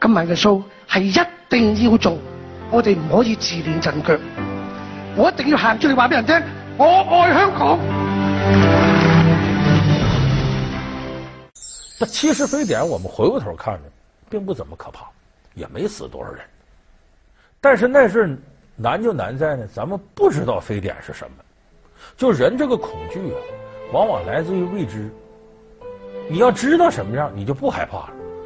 今晚嘅 show 係一定要做，我哋唔可以自亂陣腳，我一定要行出嚟話俾人聽，我愛香港。其實非典，我們回過頭看呢，並不怎麼可怕，也沒死多少人。但是那陣難就難在呢，咱們不知道非典是什麼，就人這個恐懼啊，往往來自於未知。你要知道什麼樣，你就不害怕了。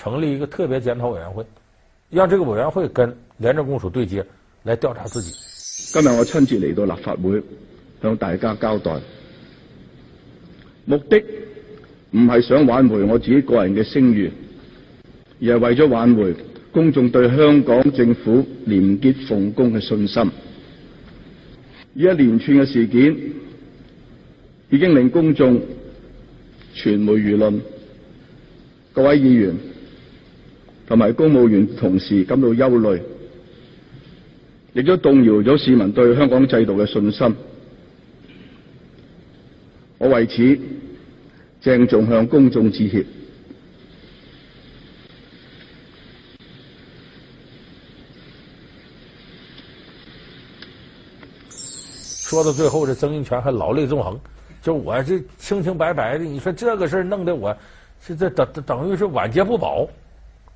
成立一個特別檢討委員會，讓這個委員會跟廉政公署對接，來調查自己。今日我親自嚟到立法會，向大家交代，目的唔係想挽回我自己個人嘅聲譽，而係為咗挽回公眾對香港政府廉潔奉公嘅信心。呢一連串嘅事件已經令公眾、傳媒、輿論、各位議員。同埋公務員同事感到憂慮，亦都動搖咗市民對香港制度嘅信心。我為此，鄭重向公眾致歉。說到最後，這曾蔭權還老淚縱橫，就我這清清白白的，你說這個事弄得我，是在等等等於是晚節不保。